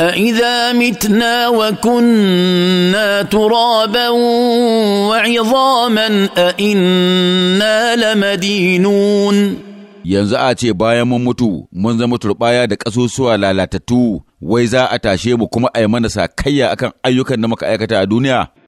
أإذا متنا وكنا ترابا وعظاما أإنا لمدينون yanzu a ce bayan mun mutu mun zama turɓaya da ƙasusuwa lalatattu wai za a tashe mu kuma a yi mana sakayya akan ayyukan da muka aikata a duniya